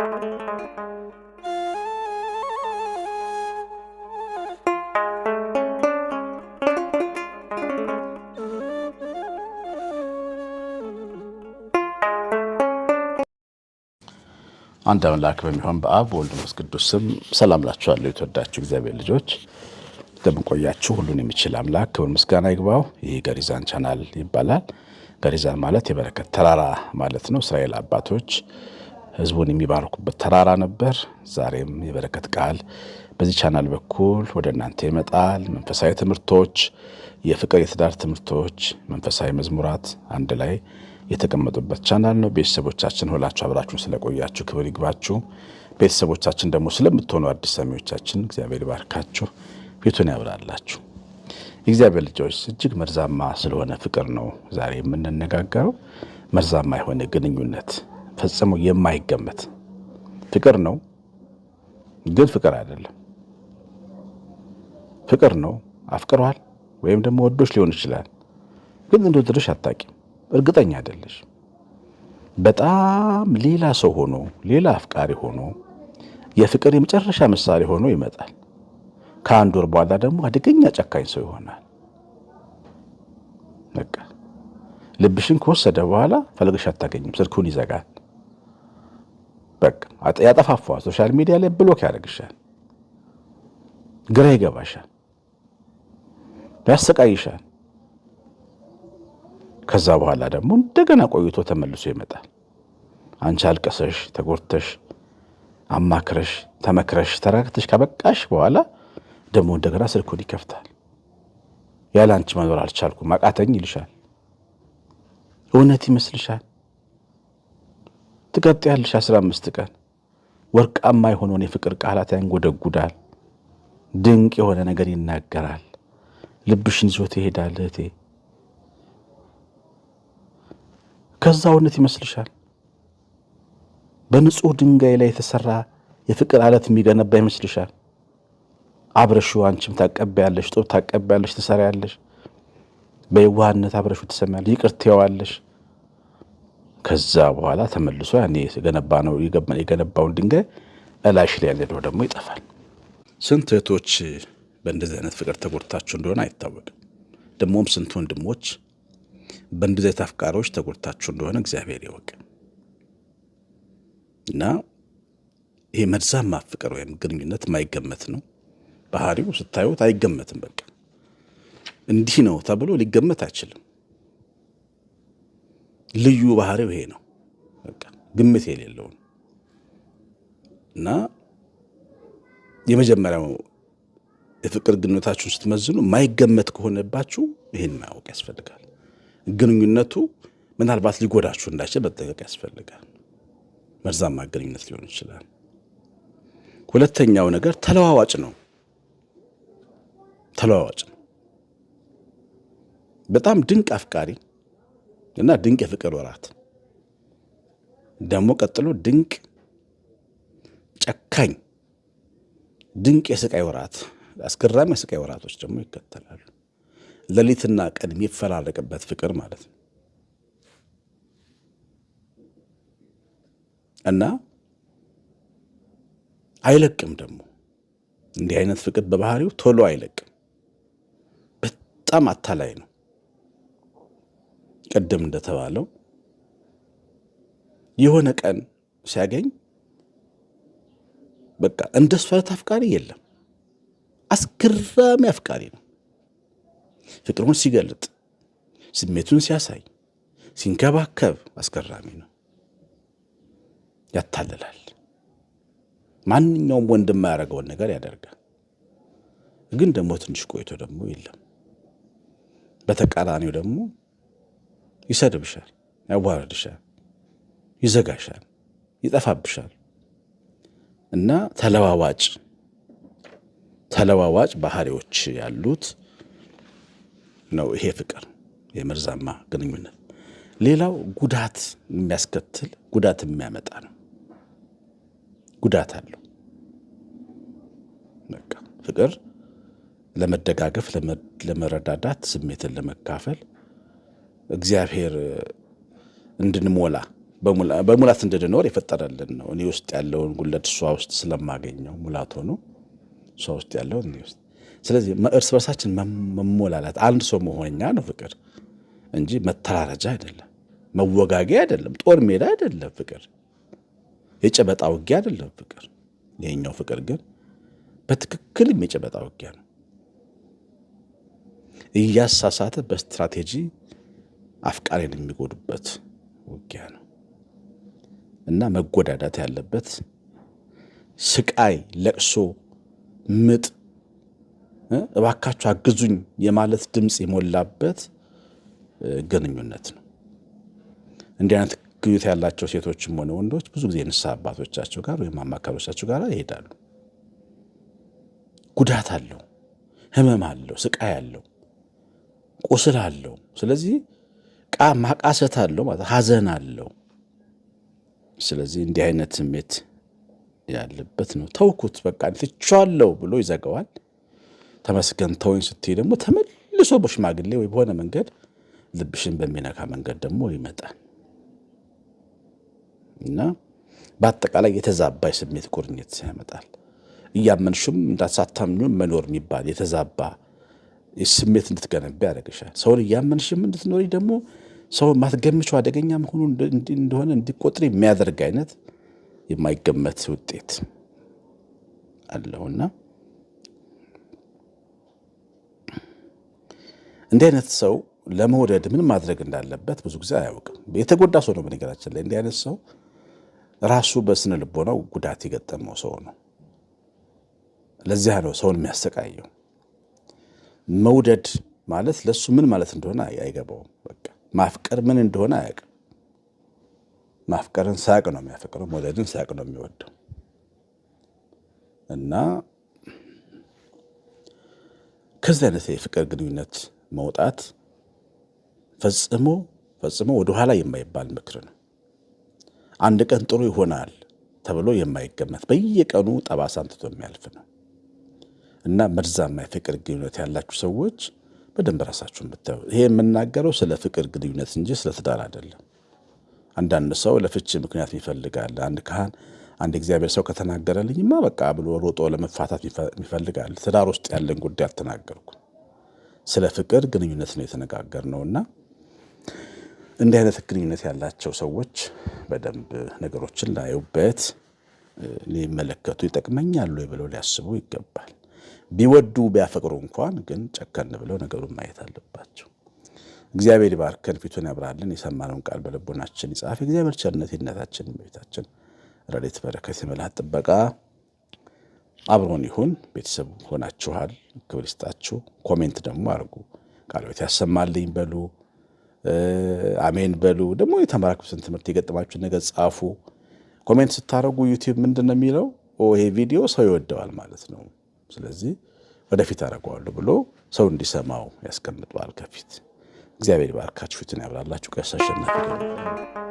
አንድ አምላክ በሚሆን በአብ ወልድ መንፈስ ቅዱስ ስም ሰላም ላችኋለሁ። የተወዳችሁ እግዚአብሔር ልጆች እንደምንቆያችሁ ሁሉን የሚችል አምላክ ክብር ምስጋና ይግባው። ይህ ገሪዛን ቻናል ይባላል። ገሪዛን ማለት የበረከት ተራራ ማለት ነው። እስራኤል አባቶች ህዝቡን የሚባርኩበት ተራራ ነበር። ዛሬም የበረከት ቃል በዚህ ቻናል በኩል ወደ እናንተ ይመጣል። መንፈሳዊ ትምህርቶች፣ የፍቅር የትዳር ትምህርቶች፣ መንፈሳዊ መዝሙራት አንድ ላይ የተቀመጡበት ቻናል ነው። ቤተሰቦቻችን ሁላችሁ አብራችሁን ስለቆያችሁ ክብር ይግባችሁ። ቤተሰቦቻችን ደግሞ ስለምትሆኑ አዲስ ሰሚዎቻችን እግዚአብሔር ይባርካችሁ፣ ፊቱን ያብራላችሁ። እግዚአብሔር ልጆች እጅግ መርዛማ ስለሆነ ፍቅር ነው ዛሬ የምንነጋገረው። መርዛማ የሆነ ግንኙነት ፈጽሞ የማይገመት ፍቅር ነው፣ ግን ፍቅር አይደለም። ፍቅር ነው አፍቅሯል ወይም ደግሞ ወዶች ሊሆን ይችላል፣ ግን እንደወደደሽ አታቂም፣ እርግጠኛ አይደለሽ። በጣም ሌላ ሰው ሆኖ ሌላ አፍቃሪ ሆኖ የፍቅር የመጨረሻ ምሳሌ ሆኖ ይመጣል። ከአንድ ወር በኋላ ደግሞ አደገኛ ጨካኝ ሰው ይሆናል። በቃ ልብሽን ከወሰደ በኋላ ፈልገሽ አታገኝም። ስልኩን ይዘጋል። በቃ ያጠፋፋዋል። ሶሻል ሚዲያ ላይ ብሎክ ያደርግሻል፣ ግራ ይገባሻል፣ ያሰቃይሻል። ከዛ በኋላ ደግሞ እንደገና ቆይቶ ተመልሶ ይመጣል። አንቺ አልቀሰሽ፣ ተጎድተሽ፣ አማክረሽ፣ ተመክረሽ፣ ተረጋግተሽ ከበቃሽ በኋላ ደግሞ እንደገና ስልኩን ይከፍታል። ያለ አንቺ መኖር አልቻልኩም አቃተኝ ይልሻል። እውነት ይመስልሻል? ትቀጥያለሽ 15 ቀን። ወርቃማ የሆነውን የፍቅር ቃላት ያንጎደጉዳል። ድንቅ የሆነ ነገር ይናገራል። ልብሽን ይዞት ይሄዳል እህቴ። ከዛ እውነት ይመስልሻል? በንጹህ ድንጋይ ላይ የተሰራ የፍቅር አለት የሚገነባ ይመስልሻል? አብረሹ አንቺም ታቀበያለሽ፣ ጡብ ታቀበያለሽ፣ ትሰሪያለሽ። በየዋህነት አብረሹ ትሰሚያለሽ፣ ይቅር ትይዋለሽ። ከዛ በኋላ ተመልሶ ያኔ የገነባ ነው የገነባውን ድንጋይ እላሽ ላይ ያለው ደግሞ ይጠፋል። ስንት እህቶች በእንደዚህ አይነት ፍቅር ተጎድታችሁ እንደሆነ አይታወቅም። ደግሞም ስንት ወንድሞች በእንደዚህ አይነት አፍቃሪዎች ተጎድታችሁ እንደሆነ እግዚአብሔር ይወቅ እና ይሄ መርዛማ ፍቅር ወይም ግንኙነት የማይገመት ነው። ባህሪው ስታዩት አይገመትም። በቃ እንዲህ ነው ተብሎ ሊገመት አይችልም። ልዩ ባህሪው ይሄ ነው። በቃ ግምት የሌለውን እና የመጀመሪያው የፍቅር ግንኙነታችሁን ስትመዝኑ የማይገመት ከሆነባችሁ ይህን ማወቅ ያስፈልጋል። ግንኙነቱ ምናልባት ሊጎዳችሁ እንዳይችል መጠንቀቅ ያስፈልጋል። መርዛማ ግንኙነት ሊሆን ይችላል። ሁለተኛው ነገር ተለዋዋጭ ነው። ተለዋዋጭ ነው። በጣም ድንቅ አፍቃሪ እና ድንቅ የፍቅር ወራት ደግሞ ቀጥሎ ድንቅ ጨካኝ ድንቅ የስቃይ ወራት አስገራሚ የስቃይ ወራቶች ደግሞ ይከተላሉ። ሌሊትና ቀን የሚፈላለቅበት ፍቅር ማለት ነው እና አይለቅም ደግሞ እንዲህ አይነት ፍቅር በባህሪው ቶሎ አይለቅም። በጣም አታላይ ነው። ቅድም እንደተባለው የሆነ ቀን ሲያገኝ በቃ እንደሱ ስፈረት አፍቃሪ የለም። አስገራሚ አፍቃሪ ነው። ፍቅሩን ሲገልጥ፣ ስሜቱን ሲያሳይ፣ ሲንከባከብ አስገራሚ ነው። ያታልላል። ማንኛውም ወንድ የማያደርገውን ነገር ያደርጋል። ግን ደግሞ ትንሽ ቆይቶ ደግሞ የለም በተቃራኒው ደግሞ ይሰድብሻል፣ ያዋረድሻል፣ ይዘጋሻል፣ ይጠፋብሻል። እና ተለዋዋጭ ተለዋዋጭ ባህሪዎች ያሉት ነው ይሄ ፍቅር፣ የመርዛማ ግንኙነት። ሌላው ጉዳት የሚያስከትል ጉዳት የሚያመጣ ነው። ጉዳት አለው። በቃ ፍቅር ለመደጋገፍ፣ ለመረዳዳት፣ ስሜትን ለመካፈል እግዚአብሔር እንድንሞላ በሙላት እንድንኖር የፈጠረልን ነው። እኔ ውስጥ ያለውን ጉለት እሷ ውስጥ ስለማገኘው ሙላት ሆኖ እሷ ውስጥ ያለውን እኔ ውስጥ። ስለዚህ እርስ በርሳችን መሞላላት አንድ ሰው መሆኛ ነው ፍቅር እንጂ መተራረጃ አይደለም፣ መወጋጌ አይደለም፣ ጦር ሜዳ አይደለም ፍቅር፣ የጨበጣ ውጊያ አይደለም ፍቅር። ይሄኛው ፍቅር ግን በትክክልም የጨበጣ ውጊያ ነው። እያሳሳተ በስትራቴጂ አፍቃሪን የሚጎዱበት ውጊያ ነው እና መጎዳዳት ያለበት ስቃይ፣ ለቅሶ፣ ምጥ እባካችሁ አግዙኝ የማለት ድምፅ የሞላበት ግንኙነት ነው። እንዲህ አይነት ግዩት ያላቸው ሴቶችም ሆነ ወንዶች ብዙ ጊዜ ንስሐ አባቶቻቸው ጋር ወይም አማካሪዎቻቸው ጋር ይሄዳሉ። ጉዳት አለው፣ ህመም አለው፣ ስቃይ አለው፣ ቁስል አለው። ስለዚህ ማቃሰት አለው ማለት ሀዘን አለው። ስለዚህ እንዲህ አይነት ስሜት ያለበት ነው። ተውኩት በቃ ትቼዋለሁ ብሎ ይዘጋዋል። ተመስገን ተወኝ ስትይ ደግሞ ተመልሶ በሽማግሌ ወይ በሆነ መንገድ ልብሽን በሚነካ መንገድ ደግሞ ይመጣል እና በአጠቃላይ የተዛባ የስሜት ቁርኝት ያመጣል። እያመንሹም እንዳሳታምኙም መኖር የሚባል የተዛባ ስሜት እንድትገነቢ ያደርግሻል። ሰውን እያመንሽም እንድትኖሪ ደግሞ ሰው ማትገምቹ አደገኛ መሆኑ እንደሆነ እንዲቆጥር የሚያደርግ አይነት የማይገመት ውጤት አለውና እንዲህ አይነት ሰው ለመውደድ ምን ማድረግ እንዳለበት ብዙ ጊዜ አያውቅም። የተጎዳ ሰው ነው። በነገራችን ላይ እንዲህ አይነት ሰው ራሱ በስነ ልቦናው ጉዳት የገጠመው ሰው ነው። ለዚያ ነው ሰውን የሚያሰቃየው። መውደድ ማለት ለሱ ምን ማለት እንደሆነ አይገባውም በቃ ማፍቀር ምን እንደሆነ አያውቅም። ማፍቀርን ሳቅ ነው የሚያፈቅረው፣ መውደድን ሳቅ ነው የሚወደው እና ከዚህ አይነት የፍቅር ግንኙነት መውጣት ፈጽሞ ፈጽሞ ወደኋላ የማይባል ምክር ነው። አንድ ቀን ጥሩ ይሆናል ተብሎ የማይገመት በየቀኑ ጠባሳ አንትቶ የሚያልፍ ነው እና መርዛማ የፍቅር ግንኙነት ያላችሁ ሰዎች በደንብ ራሳችሁ ብታዩ። ይሄ የምናገረው ስለ ፍቅር ግንኙነት እንጂ ስለ ትዳር አይደለም። አንዳንድ ሰው ለፍች ምክንያት ይፈልጋል። አንድ ካህን፣ አንድ እግዚአብሔር ሰው ከተናገረልኝማ በቃ ብሎ ሮጦ ለመፋታት ይፈልጋል። ትዳር ውስጥ ያለን ጉዳይ አልተናገርኩ። ስለ ፍቅር ግንኙነት ነው የተነጋገር እና እንዲህ አይነት ግንኙነት ያላቸው ሰዎች በደንብ ነገሮችን ላዩበት ሊመለከቱ ይጠቅመኛሉ ብለው ሊያስቡ ይገባል። ቢወዱ ቢያፈቅሩ እንኳን ግን ጨከን ብለው ነገሩን ማየት አለባቸው። እግዚአብሔር ይባርከን፣ ፊቱን ያብራልን፣ የሰማነውን ቃል በልቦናችን ይጻፍ። እግዚአብሔር ቸርነት ይነታችን ቤታችን ረድኤት በረከት የመላእክት ጥበቃ አብሮን ይሁን። ቤተሰብ ሆናችኋል፣ ክብር ይስጣችሁ። ኮሜንት ደግሞ አድርጉ፣ ቃልቤት ያሰማልኝ በሉ፣ አሜን በሉ። ደግሞ የተማራችሁትን ትምህርት የገጠማችሁን ነገር ጻፉ። ኮሜንት ስታደርጉ ዩቲዩብ ምንድን ነው የሚለው ይሄ ቪዲዮ ሰው ይወደዋል ማለት ነው ስለዚህ ወደፊት አደርገዋለሁ ብሎ ሰው እንዲሰማው ያስቀምጠዋል ከፊት። እግዚአብሔር ይባርካችሁ፣ ፊትን ያብራላችሁ። ቀሲስ አሸናፊ